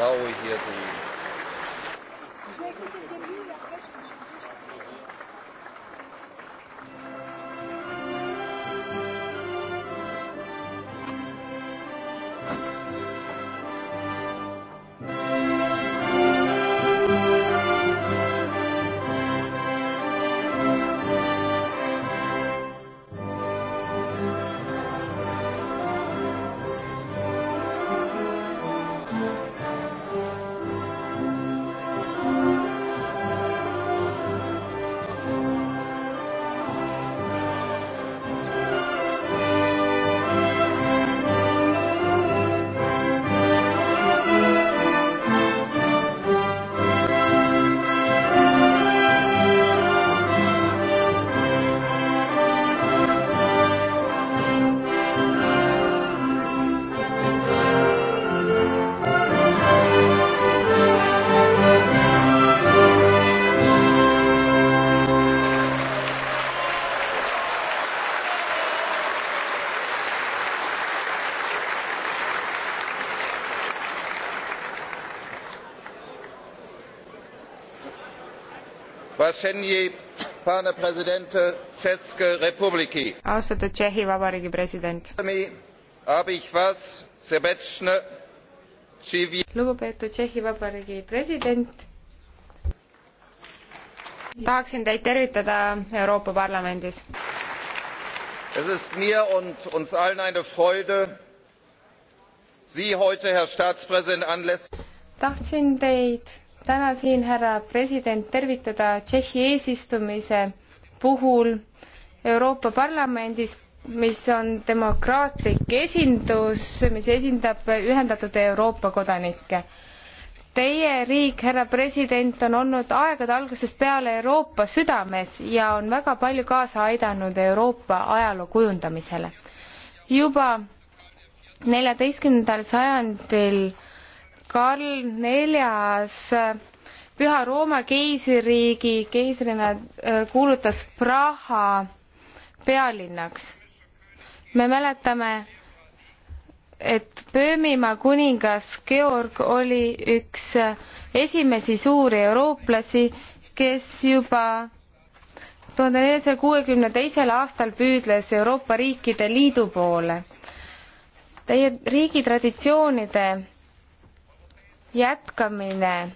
now we hear the Šenji, pane president Česke republiki. austatud Tšehhi Vabariigi president. lugupeetud Tšehhi Vabariigi president. tahaksin teid tervitada Euroopa Parlamendis. Es ist mir und uns allen eine Freude, Sie heute, Herr Staatspräsident, anlässlich tahtsin teid täna siin, härra president, tervitada Tšehhi eesistumise puhul Euroopa Parlamendis, mis on demokraatlik esindus, mis esindab ühendatud Euroopa kodanikke. Teie riik, härra president, on olnud aegade algusest peale Euroopa südames ja on väga palju kaasa aidanud Euroopa ajaloo kujundamisele. juba neljateistkümnendal sajandil Karl neljas Püha Rooma keisririigi keisrina äh, kuulutas Praha pealinnaks. me mäletame, et Böömimaa kuningas Georg oli üks äh, esimesi suuri eurooplasi, kes juba tuhande neljasaja kuuekümne teisel aastal püüdles Euroopa riikide liidu poole. Teie riigi traditsioonide jätkamine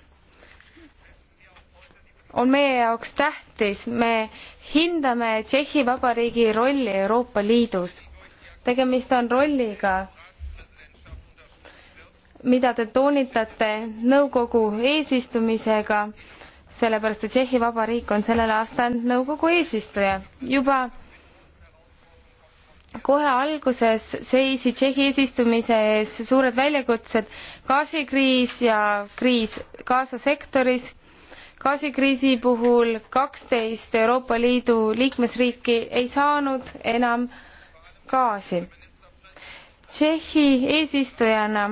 on meie jaoks tähtis, me hindame Tšehhi Vabariigi rolli Euroopa Liidus. tegemist on rolliga, mida te toonitate nõukogu eesistumisega, sellepärast et Tšehhi Vabariik on sellel aastal nõukogu eesistuja. juba kohe alguses seisid Tšehhi eesistumise ees suured väljakutsed, gaasikriis ja kriis Gaza sektoris. gaasikriisi puhul kaksteist Euroopa Liidu liikmesriiki ei saanud enam gaasi. Tšehhi eesistujana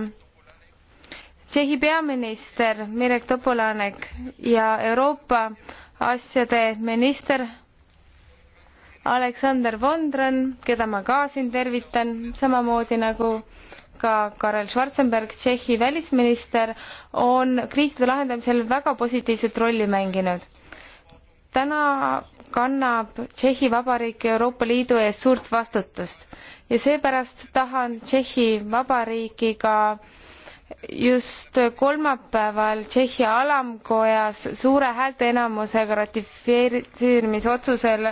Tšehhi peaminister Mirek Topolanek ja Euroopa asjade minister Aleksander Vondran, keda ma ka siin tervitan, samamoodi nagu ka Karel Schwarzenberg, Tšehhi välisminister, on kriiside lahendamisel väga positiivset rolli mänginud. täna kannab Tšehhi Vabariik Euroopa Liidu ees suurt vastutust ja seepärast tahan Tšehhi Vabariigiga ka just kolmapäeval Tšehhi alamkojas suure häälteenamusega ratifitseerimisotsusel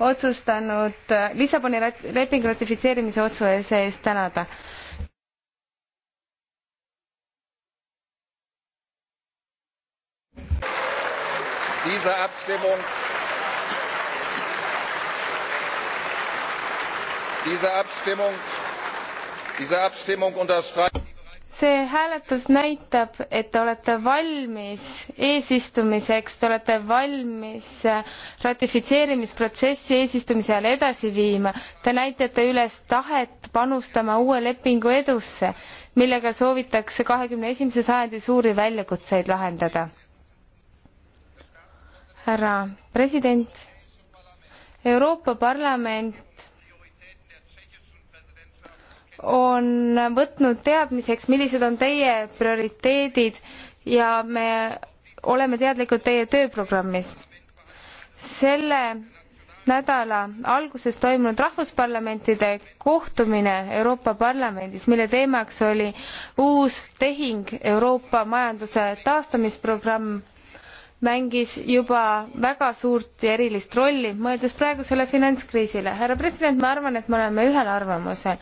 otsustanud äh, Lissaboni lepingu ratifitseerimise otsuse eest tänada. Diese Abstimmung, diese Abstimmung, diese Abstimmung unterstreicht see hääletus näitab, et te olete valmis eesistumiseks, te olete valmis ratifitseerimisprotsessi eesistumise ajal edasi viima. Te näitate üles tahet panustama uue lepingu edusse, millega soovitakse kahekümne esimese sajandi suuri väljakutseid lahendada. härra president, Euroopa Parlament on võtnud teadmiseks, millised on teie prioriteedid ja me oleme teadlikud teie tööprogrammist. selle nädala alguses toimunud rahvusparlamentide kohtumine Euroopa Parlamendis, mille teemaks oli uus tehing Euroopa majanduse taastamisprogramm, mängis juba väga suurt ja erilist rolli, mõeldes praegusele finantskriisile. härra president, ma arvan, et me oleme ühel arvamusel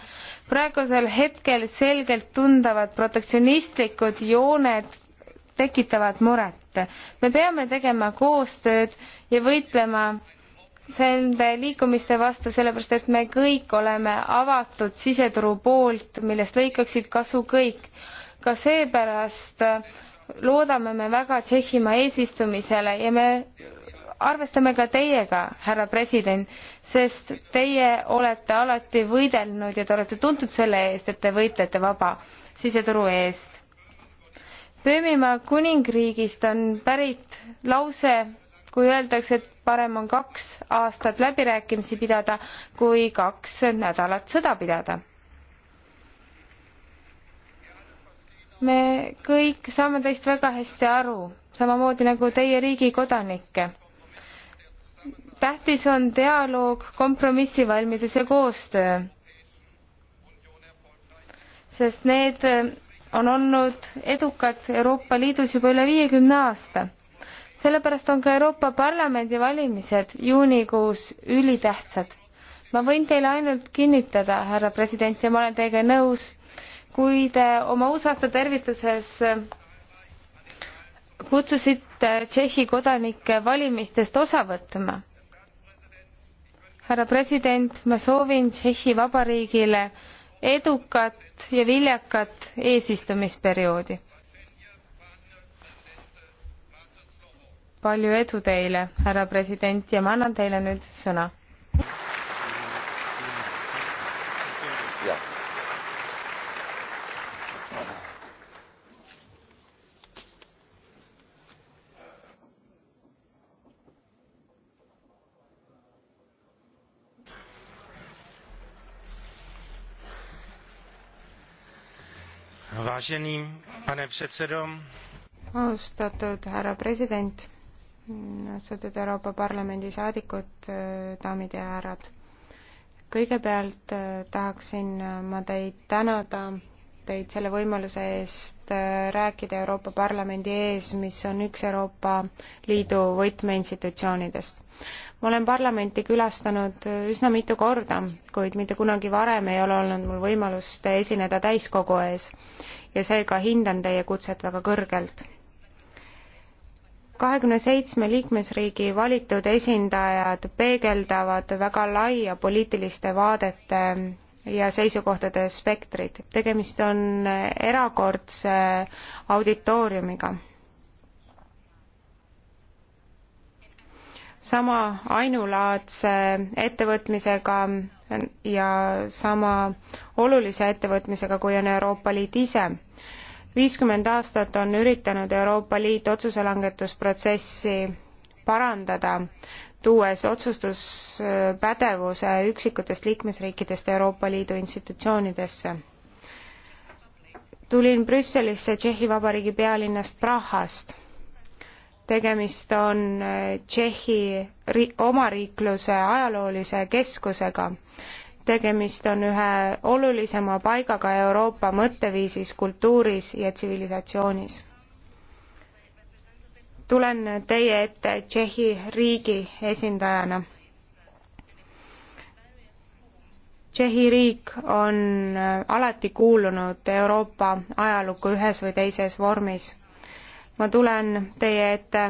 praegusel hetkel selgelt tundavad protektsionistlikud jooned tekitavad muret. me peame tegema koostööd ja võitlema nende liikumiste vastu, sellepärast et me kõik oleme avatud siseturu poolt, millest lõikaksid kasu kõik. ka seepärast loodame me väga Tšehhimaa eesistumisele ja me arvestame ka teiega, härra president, sest teie olete alati võidelnud ja te olete tuntud selle eest, et te võitlete vaba siseturu eest. Böömimaa kuningriigist on pärit lause, kui öeldakse, et parem on kaks aastat läbirääkimisi pidada kui kaks nädalat sõda pidada. me kõik saame teist väga hästi aru, samamoodi nagu teie riigi kodanikke tähtis on dialoog, kompromissivalmidus ja koostöö. sest need äh, on olnud edukad Euroopa Liidus juba üle viiekümne aasta. sellepärast on ka Euroopa Parlamendi valimised juunikuus ülitähtsad. ma võin teile ainult kinnitada, härra president, ja ma olen teiega nõus, kui te oma uusaasta tervituses äh, kutsusite Tšehhi kodanikke valimistest osa võtma härra president, ma soovin Tšehhi Vabariigile edukat ja viljakat eesistumisperioodi. palju edu teile, härra president, ja ma annan teile nüüd sõna Vážený pane předsedo. Austatud härra president, austatud Euroopa Parlamendi saadikud, daamid ja härrad. kõigepealt eh, tahaksin ma teid tänada teid selle võimaluse eest äh, rääkida Euroopa Parlamendi ees, mis on üks Euroopa Liidu võtmeinstitutsioonidest. ma olen parlamenti külastanud äh, üsna mitu korda, kuid mitte kunagi varem ei ole olnud mul võimalust esineda täiskogu ees ja seega hindan teie kutset väga kõrgelt kahekümne seitsme liikmesriigi valitud esindajad peegeldavad väga laia poliitiliste vaadete ja seisukohtade spektrid. tegemist on erakordse auditooriumiga. sama ainulaadse ettevõtmisega ja sama olulise ettevõtmisega, kui on Euroopa Liit ise. viiskümmend aastat on üritanud Euroopa Liit otsuselangetusprotsessi parandada tuues otsustuspädevuse üksikutest liikmesriikidest Euroopa Liidu institutsioonidesse. tulin Brüsselisse Tšehhi Vabariigi pealinnast Prahast. tegemist on äh, Tšehhi ri-, omariikluse ajaloolise keskusega. tegemist on ühe olulisema paigaga Euroopa mõtteviisis, kultuuris ja tsivilisatsioonis tulen teie ette Tšehhi riigi esindajana. Tšehhi riik on äh, alati kuulunud Euroopa ajalukku ühes või teises vormis. ma tulen teie ette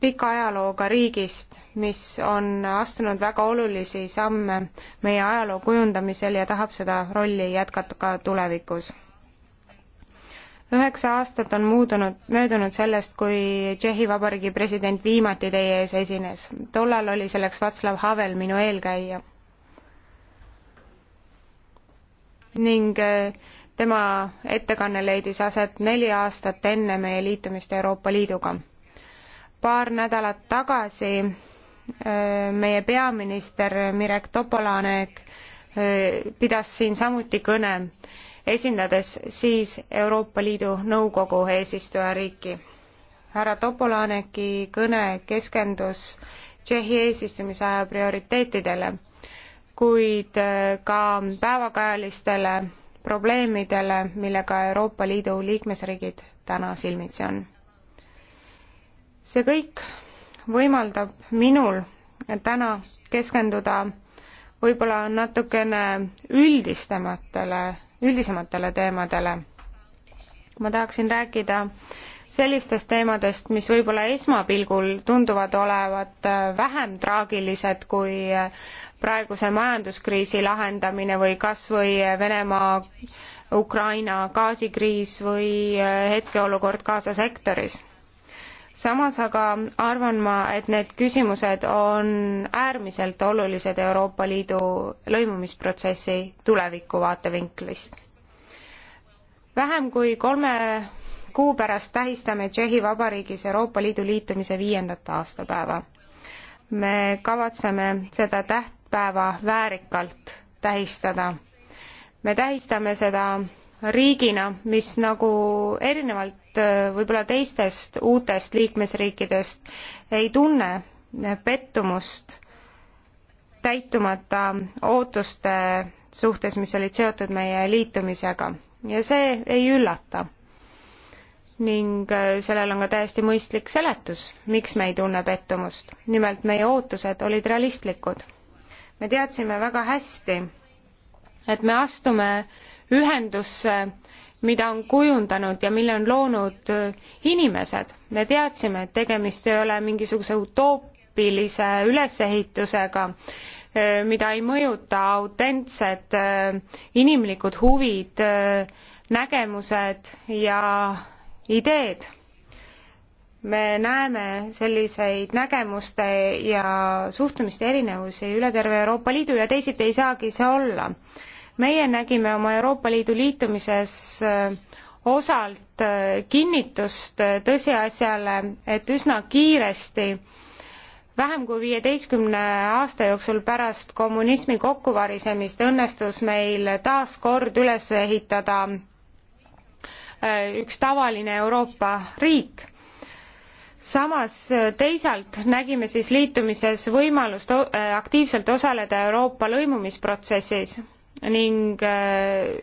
pika ajalooga riigist, mis on astunud väga olulisi samme meie ajaloo kujundamisel ja tahab seda rolli jätkata ka tulevikus üheksa aastat on muudunud, möödunud sellest, kui Tšehhi Vabariigi president viimati teie ees esines. tollal oli selleks Václav Havel, minu eelkäija. ning äh, tema ettekanne leidis aset neli aastat enne meie liitumist Euroopa Liiduga. paar nädalat tagasi äh, meie peaminister Mirek Topolanek äh, pidas siin samuti kõne esindades siis Euroopa Liidu Nõukogu eesistujariiki. härra Topolaneki kõne keskendus Tšehhi eesistumise aja prioriteetidele, kuid äh, ka päevakajalistele probleemidele, millega Euroopa Liidu liikmesriigid täna silmitsi on. see kõik võimaldab minul täna keskenduda võib-olla natukene üldistematele üldisematele teemadele. ma tahaksin rääkida sellistest teemadest, mis võib-olla esmapilgul tunduvad olevat äh, vähem traagilised kui äh, praeguse majanduskriisi lahendamine või kas või äh, Venemaa Ukraina gaasikriis või hetkeolukord Gaza sektoris samas aga arvan ma, et need küsimused on äärmiselt olulised Euroopa Liidu lõimumisprotsessi tuleviku vaatevinklist. vähem kui kolme kuu pärast tähistame Tšehhi Vabariigis Euroopa Liidu liitumise viiendat aastapäeva. me kavatseme seda tähtpäeva väärikalt tähistada. me tähistame seda riigina, mis nagu erinevalt äh, võib-olla teistest uutest liikmesriikidest ei tunne pettumust täitumata ootuste suhtes, mis olid seotud meie liitumisega ja see ei üllata. ning äh, sellel on ka täiesti mõistlik seletus, miks me ei tunne pettumust. nimelt meie ootused olid realistlikud. me teadsime väga hästi, et me astume ühendusse, mida on kujundanud ja mille on loonud äh, inimesed. me teadsime, et tegemist ei ole mingisuguse utoopilise ülesehitusega, äh, mida ei mõjuta autentsed äh, inimlikud huvid, nägemused ja ideed me näeme selliseid nägemuste ja suhtumiste erinevusi üle terve Euroopa Liidu ja teisiti ei saagi see olla meie nägime oma Euroopa Liidu liitumises äh, osalt äh, kinnitust äh, tõsiasjale, et üsna kiiresti vähem kui viieteistkümne aasta jooksul pärast kommunismi kokkuvarisemist õnnestus meil taas kord üles ehitada üks tavaline Euroopa riik. samas teisalt nägime siis liitumises võimalust aktiivselt osaleda Euroopa lõimumisprotsessis ning äh,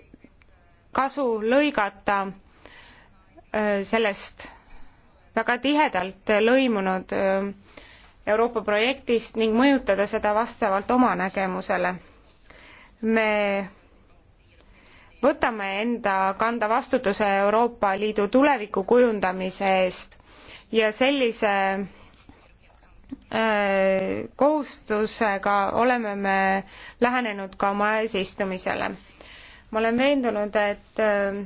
kasu lõigata äh, sellest väga tihedalt lõimunud äh, Euroopa projektist ning mõjutada seda vastavalt oma nägemusele. me võtame enda kanda vastutuse Euroopa Liidu tuleviku kujundamise eest ja sellise Äh, kohustusega oleme me lähenenud ka oma eesistumisele. ma olen veendunud, et äh,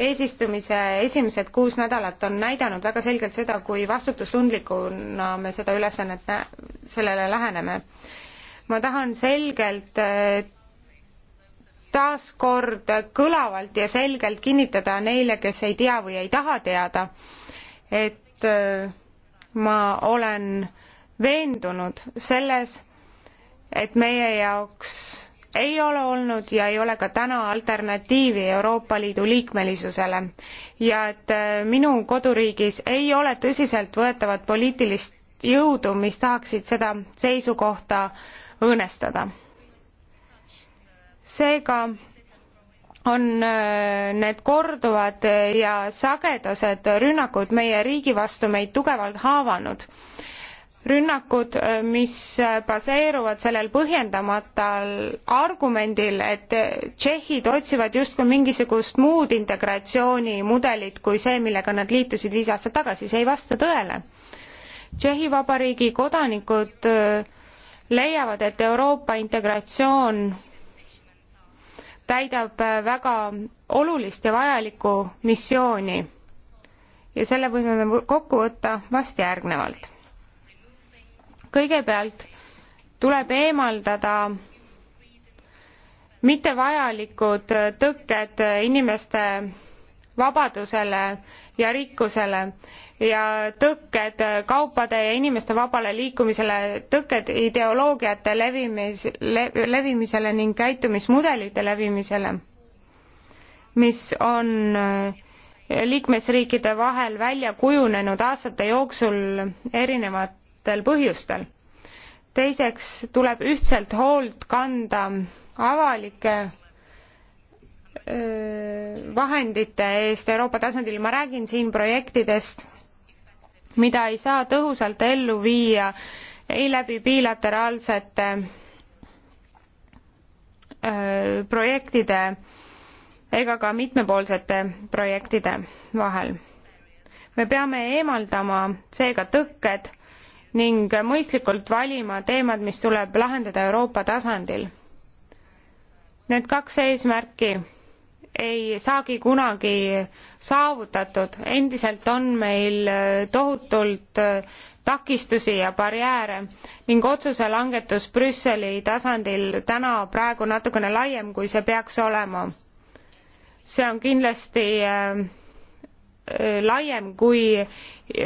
eesistumise esimesed kuus nädalat on näidanud väga selgelt seda, kui vastutustundlikuna me seda ülesannet, sellele läheneme. ma tahan selgelt äh, taaskord kõlavalt ja selgelt kinnitada neile, kes ei tea või ei taha teada, et ma olen veendunud selles, et meie jaoks ei ole olnud ja ei ole ka täna alternatiivi Euroopa Liidu liikmelisusele ja et äh, minu koduriigis ei ole tõsiseltvõetavat poliitilist jõudu, mis tahaksid seda seisukohta õõnestada. seega on äh, need korduvad ja sagedased rünnakud meie riigi vastu meid tugevalt haavanud. rünnakud, äh, mis baseeruvad sellel põhjendamatal argumendil, et tšehhid otsivad justkui mingisugust muud integratsioonimudelit kui see, millega nad liitusid viis aastat tagasi, see ei vasta tõele. Tšehhi Vabariigi kodanikud äh, leiavad, et Euroopa integratsioon täidab äh, väga olulist ja vajalikku missiooni ja selle võime me kokku võtta vast järgnevalt. kõigepealt tuleb eemaldada mittevajalikud tõkked inimeste vabadusele ja rikkusele ja tõkked kaupade ja inimeste vabale liikumisele, tõkked ideoloogiate levimis, le, levimisele ning käitumismudelite levimisele, mis on liikmesriikide vahel välja kujunenud aastate jooksul erinevatel põhjustel. teiseks tuleb ühtselt hoolt kanda avalike vahendite eest Euroopa tasandil, ma räägin siin projektidest mida ei saa tõhusalt ellu viia ei läbi bilateraalsete projektide ega ka mitmepoolsete projektide vahel. me peame eemaldama seega tõkked ning mõistlikult valima teemad, mis tuleb lahendada Euroopa tasandil. Need kaks eesmärki ei saagi kunagi saavutatud. endiselt on meil äh, tohutult äh, takistusi ja barjääre ning otsuse langetus Brüsseli tasandil täna praegu natukene laiem, kui see peaks olema. see on kindlasti äh, laiem, kui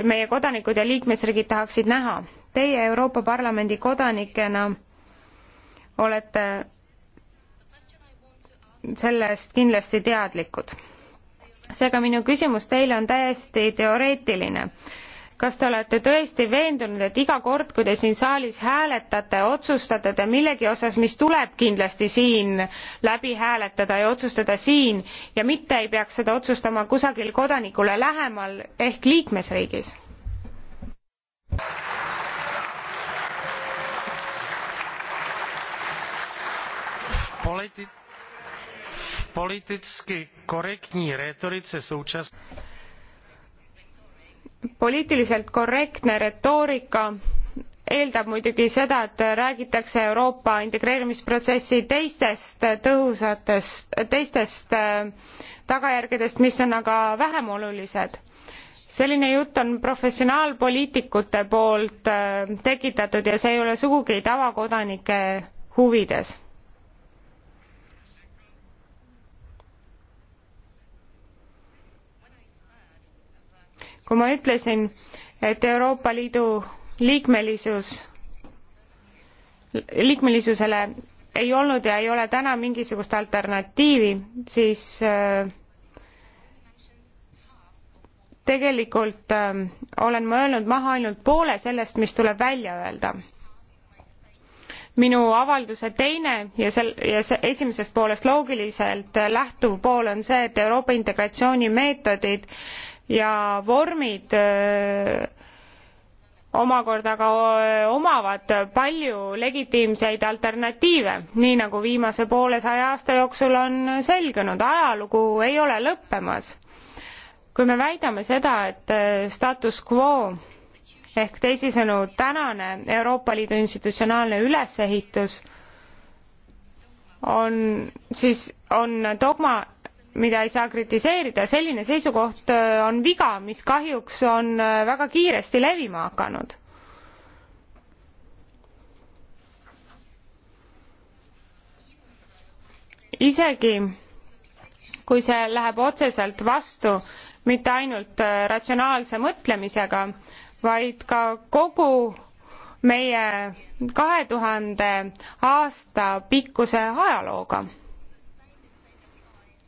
meie kodanikud ja liikmesriigid tahaksid näha. Teie Euroopa Parlamendi kodanikena olete sellest kindlasti teadlikud. seega minu küsimus teile on täiesti teoreetiline. kas te olete tõesti veendunud, et iga kord, kui te siin saalis hääletate, otsustate te millegi osas, mis tuleb kindlasti siin läbi hääletada ja otsustada siin ja mitte ei peaks seda otsustama kusagil kodanikule lähemal ehk liikmesriigis? Politi- politicky korektní retorice současné poliitiliselt korrektne retoorika eeldab muidugi seda et räägitakse euroopa integreerimisprotsessi teistest tõhusatest teistest äh, tagajärgedest mis on aga vähem olulised selline jutt on professionaalpoliitikute poolt äh, tekitatud ja see ei ole sugugi tavakodanike huvides kui ma ütlesin, et Euroopa Liidu liikmelisus, liikmelisusele ei olnud ja ei ole täna mingisugust alternatiivi, siis äh, tegelikult äh, olen ma öelnud maha ainult poole sellest, mis tuleb välja öelda minu avalduse teine ja sel- ja se- esimesest poolest loogiliselt lähtuv pool on see et euroopa integratsiooni meetodid ja vormid omakorda ka omavad palju legitiimseid alternatiive, nii nagu viimase poole saja aasta jooksul on selgunud, ajalugu ei ole lõppemas. kui me väidame seda, et status quo ehk teisisõnu tänane Euroopa Liidu institutsionaalne ülesehitus on siis, on dogma mida ei saa kritiseerida, selline seisukoht äh, on viga, mis kahjuks on äh, väga kiiresti levima hakanud. isegi kui see läheb otseselt vastu mitte ainult äh, ratsionaalse mõtlemisega, vaid ka kogu meie kahe tuhande aasta pikkuse ajalooga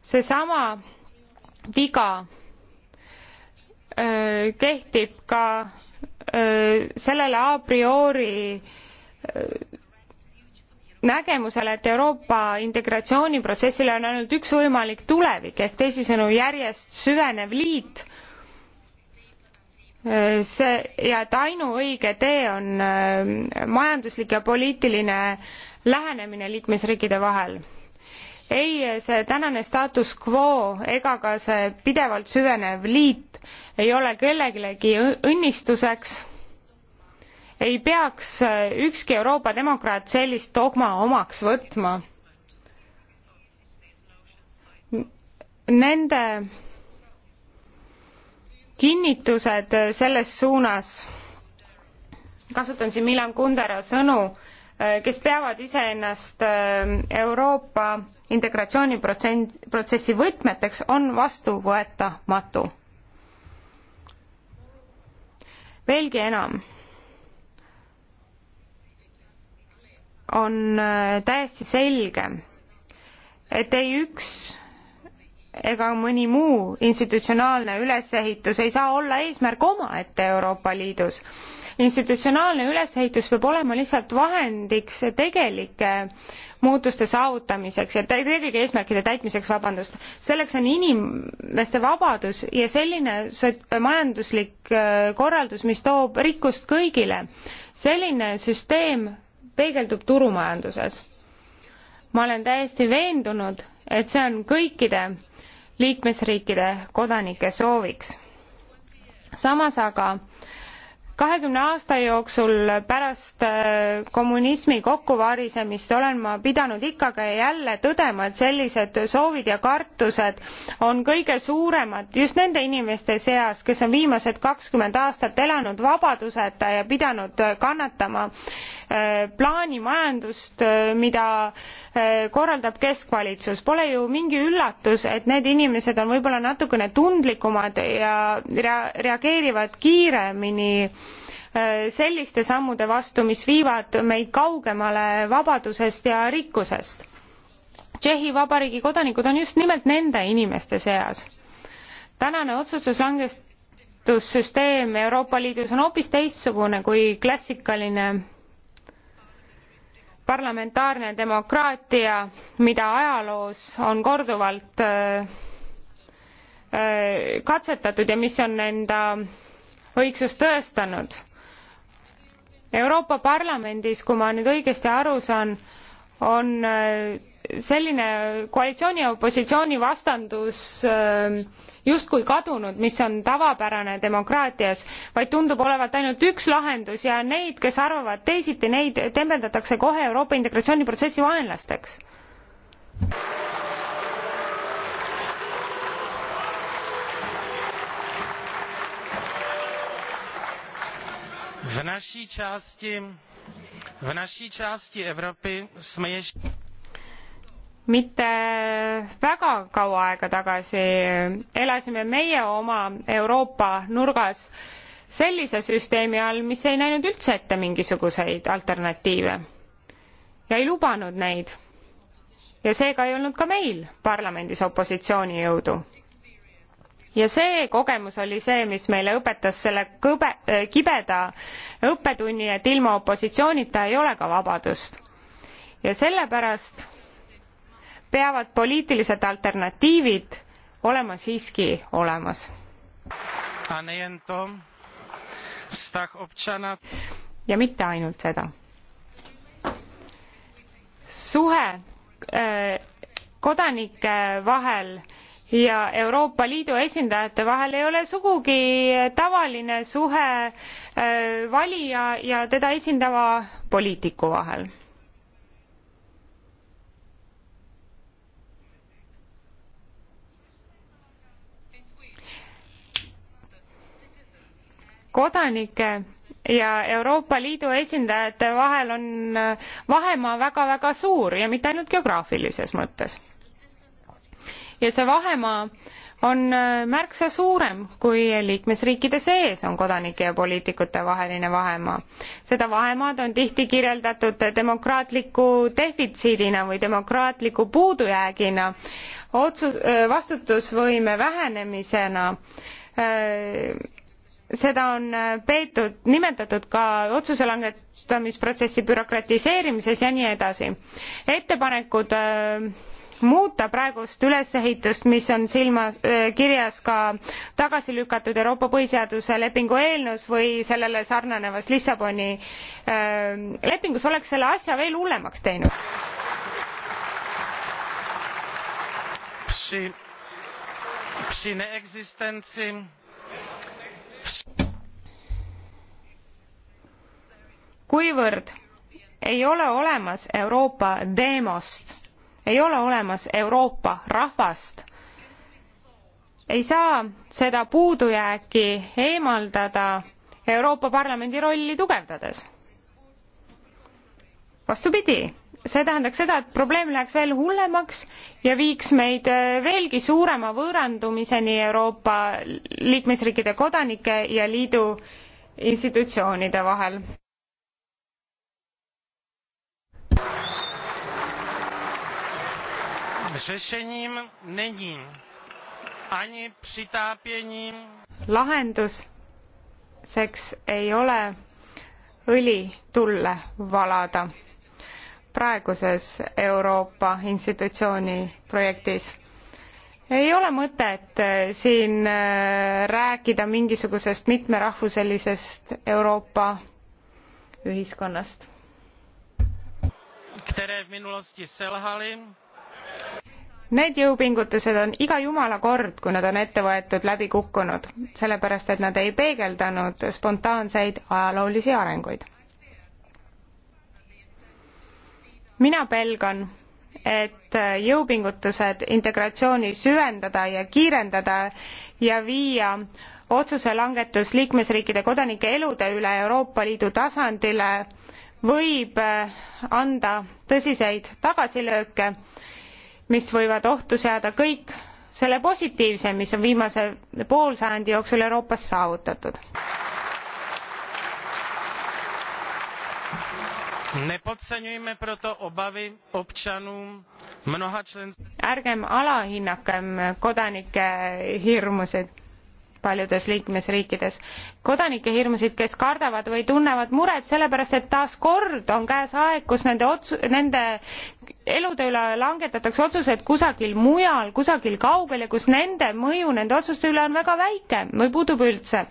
seesama viga kehtib ka sellele a priori nägemusele, et Euroopa integratsiooniprotsessile on ainult üks võimalik tulevik ehk teisisõnu järjest süvenev liit. see ja et ainuõige tee on majanduslik ja poliitiline lähenemine liikmesriikide vahel ei see tänane status quo ega ka see pidevalt süvenev liit ei ole kellelegi õnnistuseks ei peaks äh, ükski euroopa demokraat sellist dogma omaks võtma nende kinnitused äh, selles suunas kasutan siin milan kundera sõnu Äh, kes peavad iseennast äh, Euroopa integratsiooniprotsent, protsessi võtmeteks, on vastuvõetamatu. veelgi enam, on äh, täiesti selge, et ei üks ega mõni muu institutsionaalne ülesehitus ei saa olla eesmärk omaette Euroopa Liidus institutsionaalne ülesehitus peab olema lihtsalt vahendiks tegelike muutuste saavutamiseks ja tegelike eesmärkide täitmiseks, vabandust. selleks on inimeste vabadus ja selline majanduslik äh, korraldus, mis toob rikkust kõigile. selline süsteem peegeldub turumajanduses. ma olen täiesti veendunud, et see on kõikide liikmesriikide kodanike sooviks. samas aga kahekümne aasta jooksul pärast äh, kommunismi kokkuvarisemist olen ma pidanud ikka ja jälle tõdema et sellised soovid ja kartused on kõige suuremad just nende inimeste seas kes on viimased kakskümmend aastat elanud vabaduseta ja pidanud kannatama Äh, plaanimajandust, äh, mida äh, korraldab keskvalitsus. Pole ju mingi üllatus, et need inimesed on võib-olla natukene tundlikumad ja rea-, reageerivad kiiremini selliste sammude vastu, mis viivad meid kaugemale vabadusest ja rikkusest. Tšehhi Vabariigi kodanikud on just nimelt nende inimeste seas. tänane otsustus langes toetussüsteem Euroopa Liidus on hoopis teistsugune kui klassikaline parlamentaarne demokraatia mida ajaloos on korduvalt äh, äh, katsetatud ja mis on enda õigsust tõestanud. euroopa parlamendis kui ma nüüd õigesti aru saan on äh, selline koalitsiooni ja opositsiooni vastandus ähm, justkui kadunud, mis on tavapärane demokraatias, vaid tundub olevat ainult üks lahendus ja neid, kes arvavad teisiti, neid tembeldatakse kohe Euroopa integratsiooniprotsessi vaenlasteks. v naší části v naší části Evropy jsme ještě mitte väga kaua aega tagasi elasime meie oma Euroopa nurgas sellise süsteemi all, mis ei näinud üldse ette mingisuguseid alternatiive ja ei lubanud neid. ja seega ei olnud ka meil parlamendis opositsioonijõudu. ja see kogemus oli see, mis meile õpetas selle kõbe, äh, kibeda õppetunni, et ilma opositsioonita ei ole ka vabadust. ja sellepärast peavad poliitilised alternatiivid olema siiski olemas. ja mitte ainult seda. suhe äh, kodanike vahel ja euroopa liidu esindajate vahel ei ole sugugi tavaline suhe äh, valija ja teda esindava poliitiku vahel. kodanike ja Euroopa Liidu esindajate vahel on äh, vahemaa väga-väga suur ja mitte ainult geograafilises mõttes. ja see vahemaa on äh, märksa suurem, kui liikmesriikide sees on kodanike ja poliitikute vaheline vahemaa. seda vahemaad on tihti kirjeldatud demokraatliku defitsiidina või demokraatliku puudujäägina, otsus, äh, vastutusvõime vähenemisena seda on äh, peetud, nimetatud ka otsuse langetamisprotsessi bürokratiseerimises ja nii edasi. ettepanekud öö, äh, muuta praegust ülesehitust mis on silma äh, kirjas ka tagasi lükatud euroopa põhiseaduse lepingu eelnõus või sellele sarnanevas lissaboni äh, lepingus oleks selle asja veel hullemaks teinud Psi, kuivõrd ei ole olemas Euroopa demost, ei ole olemas Euroopa rahvast, ei saa seda puudujääki eemaldada Euroopa Parlamendi rolli tugevdades. vastupidi see tähendaks seda, et probleem läheks veel hullemaks ja viiks meid äh, veelgi suurema võõrandumiseni Euroopa liikmesriikide kodanike ja liidu institutsioonide vahel. řešením není ani přitápěním. lahenduseks ei ole õli tulle valada praeguses Euroopa institutsiooni projektis. ei ole mõtet äh, siin äh, rääkida mingisugusest mitmerahvuselisest Euroopa ühiskonnast. Need jõupingutused on iga jumala kord, kui nad on ette võetud, läbi kukkunud, sellepärast et nad ei peegeldanud spontaanseid ajaloolisi arenguid mina pelgan, et jõupingutused integratsiooni süvendada ja kiirendada ja viia otsuse langetus liikmesriikide kodanike elude üle Euroopa Liidu tasandile võib äh, anda tõsiseid tagasilööke, mis võivad ohtu seada kõik selle positiivse, mis on viimase poolsajandi jooksul Euroopas saavutatud. nepodceňujme proto obavy občanů mnoha členských ärgem alahinnakem kodanike hirmusid paljudes liikmesriikides kodanike hirmusid kes kardavad või tunnevad muret sellepärast et taas kord on käes aeg kus nende ots- nende elude üle langetatakse otsused kusagil mujal kusagil kaugel ja kus nende mõju nende otsuste üle on väga väike või puudub üldse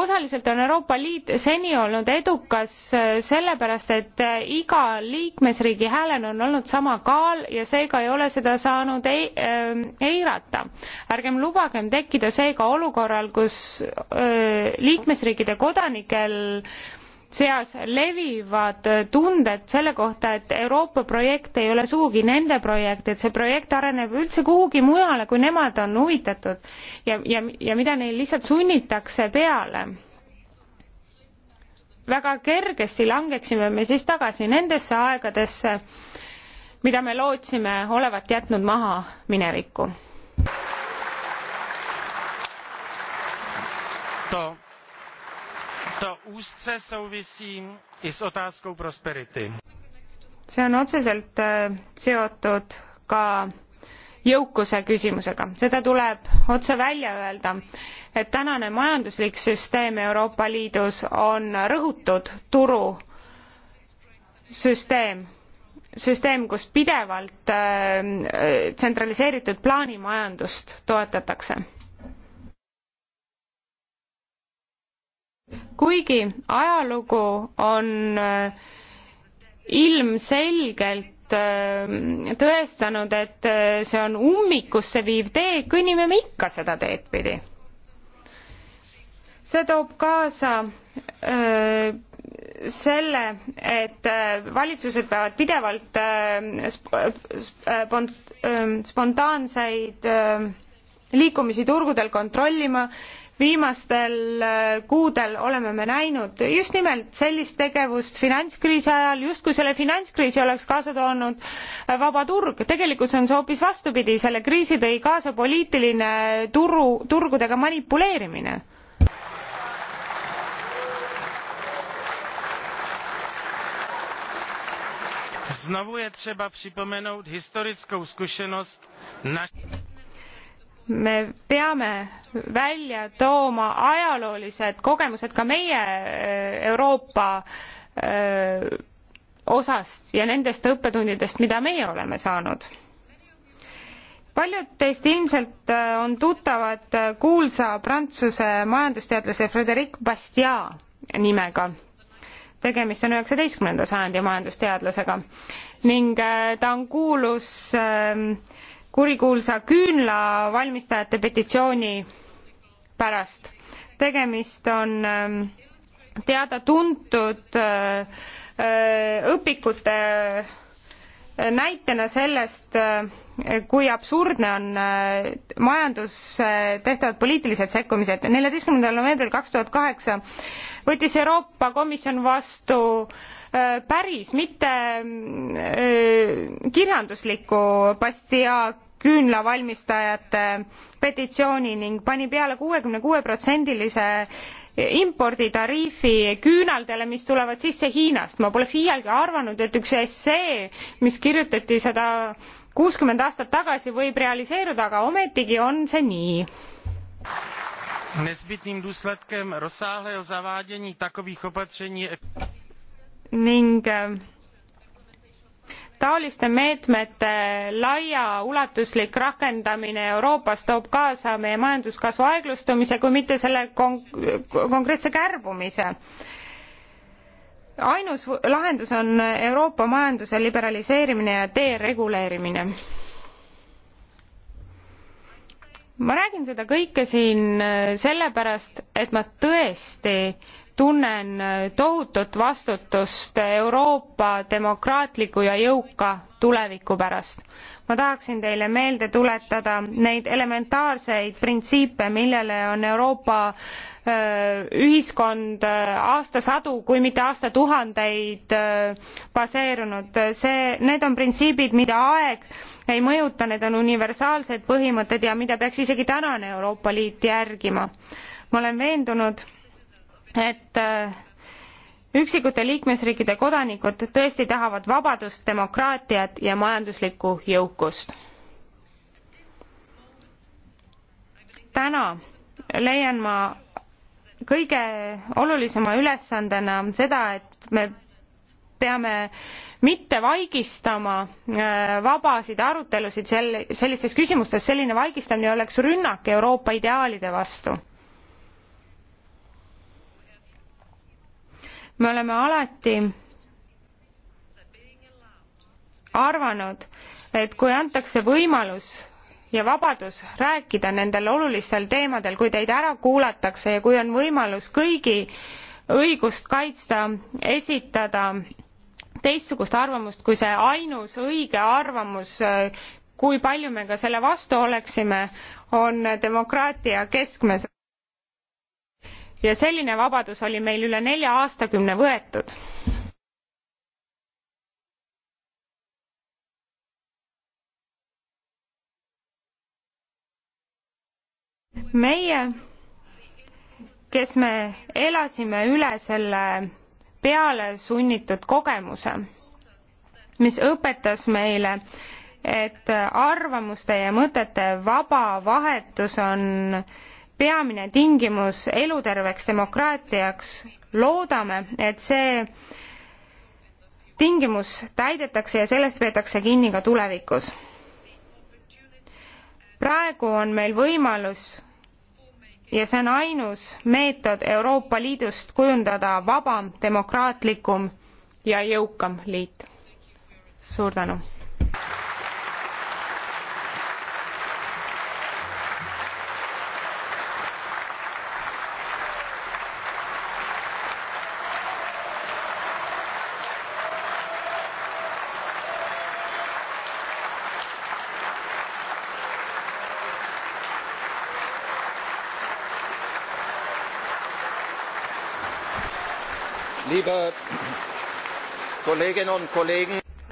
osaliselt on Euroopa Liit seni olnud edukas äh, sellepärast, et äh, iga liikmesriigi häälel on olnud sama kaal ja seega ei ole seda saanud ei, äh, eirata. ärgem lubagem tekkida seega olukorral, kus äh, liikmesriikide kodanikel äh, seas levivad tunded selle kohta et euroopa projekt ei ole sugugi nende projekt et see projekt areneb üldse kuhugi mujale kui nemad on huvitatud ja ja ja mida neil lihtsalt sunnitakse peale väga kergesti langeksime me siis tagasi nendesse aegadesse mida me lootsime olevat jätnud maha minevikku to úzce souvisí i s otázkou prosperity. see on otseselt äh, seotud ka jõukuse küsimusega seda tuleb otse välja öelda et tänane majanduslik süsteem euroopa liidus on rõhutud turu süsteem süsteem kus pidevalt äh, tsentraliseeritud plaanimajandust toetatakse kuigi ajalugu on äh, ilmselgelt äh, tõestanud, et äh, see on ummikusse viiv tee, kõnnime me ikka seda teed pidi. see toob kaasa öö, selle, et valitsused peavad pidevalt sp sp spontaanseid liikumisi turgudel kontrollima viimastel äh, kuudel oleme me näinud just nimelt sellist tegevust finantskriisi ajal justkui selle finantskriisi oleks kaasa toonud äh, vaba turg tegelikult see on see hoopis vastupidi selle kriisi tõi kaasa poliitiline turu turgudega manipuleerimine znowu je třeba připomenout historickou zkušenost naší me peame välja tooma ajaloolised kogemused ka meie äh, Euroopa öö, äh, osast ja nendest õppetundidest, mida meie oleme saanud. paljud teist ilmselt äh, on tuttavad kuulsa prantsuse majandusteadlase Frederic Bastiat nimega tegemist on üheksateistkümnenda sajandi majandusteadlasega ning ta on kuulus äh, kurikuulsa küünla valmistajate petitsiooni pärast. tegemist on ähm, teada-tuntud äh, õpikute äh, näitena sellest, äh, kui absurdne on majandusse tehtavad poliitilised sekkumised. neljateistkümnendal novembril kaks tuhat kaheksa võttis Euroopa Komisjon vastu päris, mitte kirjandusliku Bastia küünlavalmistajate petitsiooni ning pani peale kuuekümne kuue protsendilise imporditariifi küünaldele mis tulevad sisse hiinast. ma poleks iialgi arvanud et üks essee mis kirjutati sada kuuskümmend aastat tagasi võib realiseeruda aga ometigi on see nii. nezbytným důsledkem rozsáhlého zavádění takových opatření ning taoliste meetmete laiaulatuslik rakendamine euroopas toob kaasa meie majanduskasvu aeglustumise kui mitte selle konkreetse kärbumise. ainus lahendus on euroopa majanduse liberaliseerimine ja dereguleerimine. ma räägin seda kõike siin äh, sellepärast et ma tõesti tunnen tohutut vastutust Euroopa demokraatliku ja jõuka tuleviku pärast. ma tahaksin teile meelde tuletada neid elementaarseid printsiipe, millele on Euroopa ühiskond aastasadu, kui mitte aastatuhandeid baseerunud. see, need on printsiibid, mida aeg ei mõjuta, need on universaalsed põhimõtted ja mida peaks isegi tänane Euroopa Liit järgima. ma olen veendunud, et äh, üksikute liikmesriikide kodanikud tõesti tahavad vabadust, demokraatiat ja majanduslikku jõukust. täna leian ma kõige olulisema ülesandena seda, et me peame mitte vaigistama äh, vabasid arutelusid sel- sellistes küsimustes selline vaigistamine oleks rünnak euroopa ideaalide vastu. me oleme alati arvanud, et kui antakse võimalus ja vabadus rääkida nendel olulistel teemadel, kui teid ära kuulatakse ja kui on võimalus kõigi õigust kaitsta, esitada teistsugust arvamust kui see ainus õige arvamus, kui palju me ka selle vastu oleksime, on demokraatia keskmes ja selline vabadus oli meil üle nelja aastakümne võetud. meie, kes me elasime üle selle pealesunnitud kogemuse, mis õpetas meile, et arvamuste ja mõtete vaba vahetus on äh, peamine tingimus eluterveks demokraatiaks, loodame, et see tingimus täidetakse ja sellest peetakse kinni ka tulevikus. praegu on meil võimalus ja see on ainus meetod Euroopa Liidust kujundada vabam, demokraatlikum ja jõukam liit. suur tänu!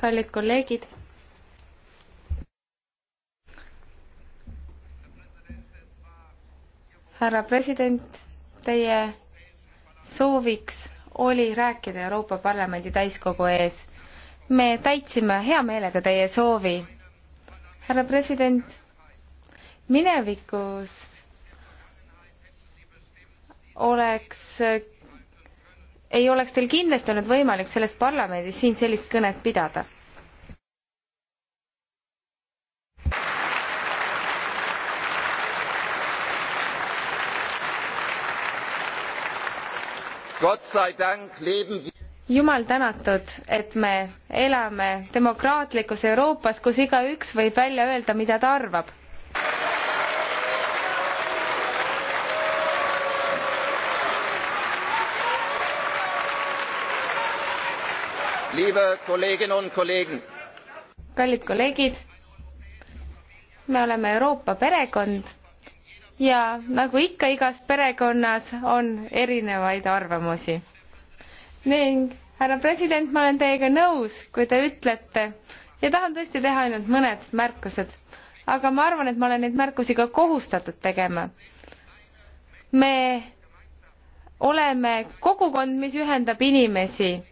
kallid kolleegid härra president teie sooviks oli rääkida euroopa parlamendi täiskogu ees me täitsime hea meelega teie soovi härra president minevikus oleks ei oleks teil kindlasti olnud võimalik selles parlamendis siin sellist kõnet pidada. jumal tänatud, et me elame demokraatlikus Euroopas, kus igaüks võib välja öelda, mida ta arvab liebe Kolleginnen und Kollegen. kallid kolleegid, me oleme Euroopa perekond ja nagu ikka igas perekonnas on erinevaid arvamusi. ning härra president, ma olen teiega nõus, kui te ütlete ja tahan tõesti teha ainult mõned märkused, aga ma arvan, et ma olen neid märkusi ka kohustatud tegema. me oleme kogukond, mis ühendab inimesi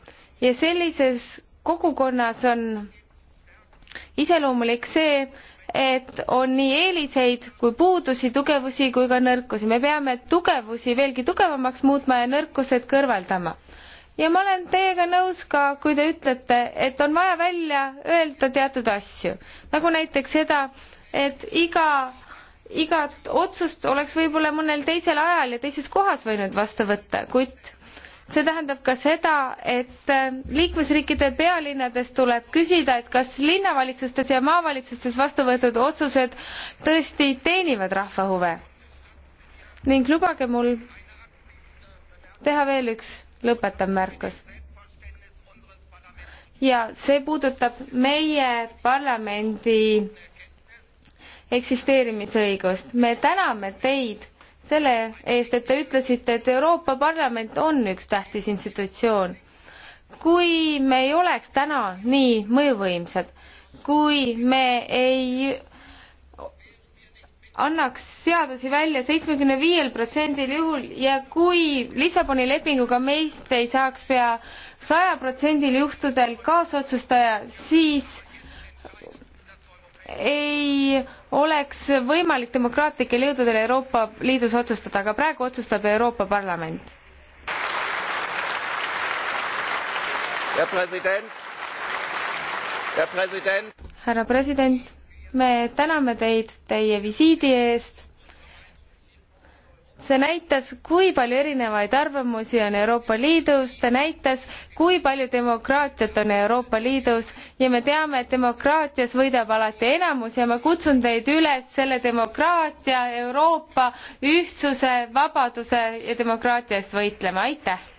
ja sellises kogukonnas on iseloomulik see, et on nii eeliseid kui puudusi, tugevusi kui ka nõrkusi. me peame tugevusi veelgi tugevamaks muutma ja nõrkused kõrvaldama. ja ma olen teiega nõus ka, kui te ütlete, et on vaja välja öelda teatud asju, nagu näiteks seda, et iga igat otsust oleks võib-olla mõnel teisel ajal ja teises kohas võinud vastu võtta, kuid see tähendab ka seda, et äh, liikmesriikide pealinnades tuleb küsida, et kas linnavalitsustes ja maavalitsustes vastu võetud otsused tõesti teenivad rahva huve. ning lubage mul teha veel üks lõpetav märkus. ja see puudutab meie parlamendi eksisteerimisõigust. me täname teid selle eest, et te ütlesite, et Euroopa Parlament on üks tähtis institutsioon. kui me ei oleks täna nii mõjuvõimsad, kui me ei annaks seadusi välja seitsmekümne viiel protsendil juhul ja kui Lissaboni lepinguga meist ei saaks pea saja protsendil juhtudel kaasotsustaja, siis ei oleks võimalik demokraatlikel jõududel Euroopa Liidus otsustada, aga praegu otsustab Euroopa Parlament. härra president, me täname teid teie visiidi eest see näitas, kui palju erinevaid arvamusi on Euroopa Liidus, ta näitas, kui palju demokraatiat on Euroopa Liidus ja me teame, et demokraatias võidab alati enamus ja ma kutsun teid üles selle demokraatia, Euroopa ühtsuse, vabaduse ja demokraatia eest võitlema, aitäh!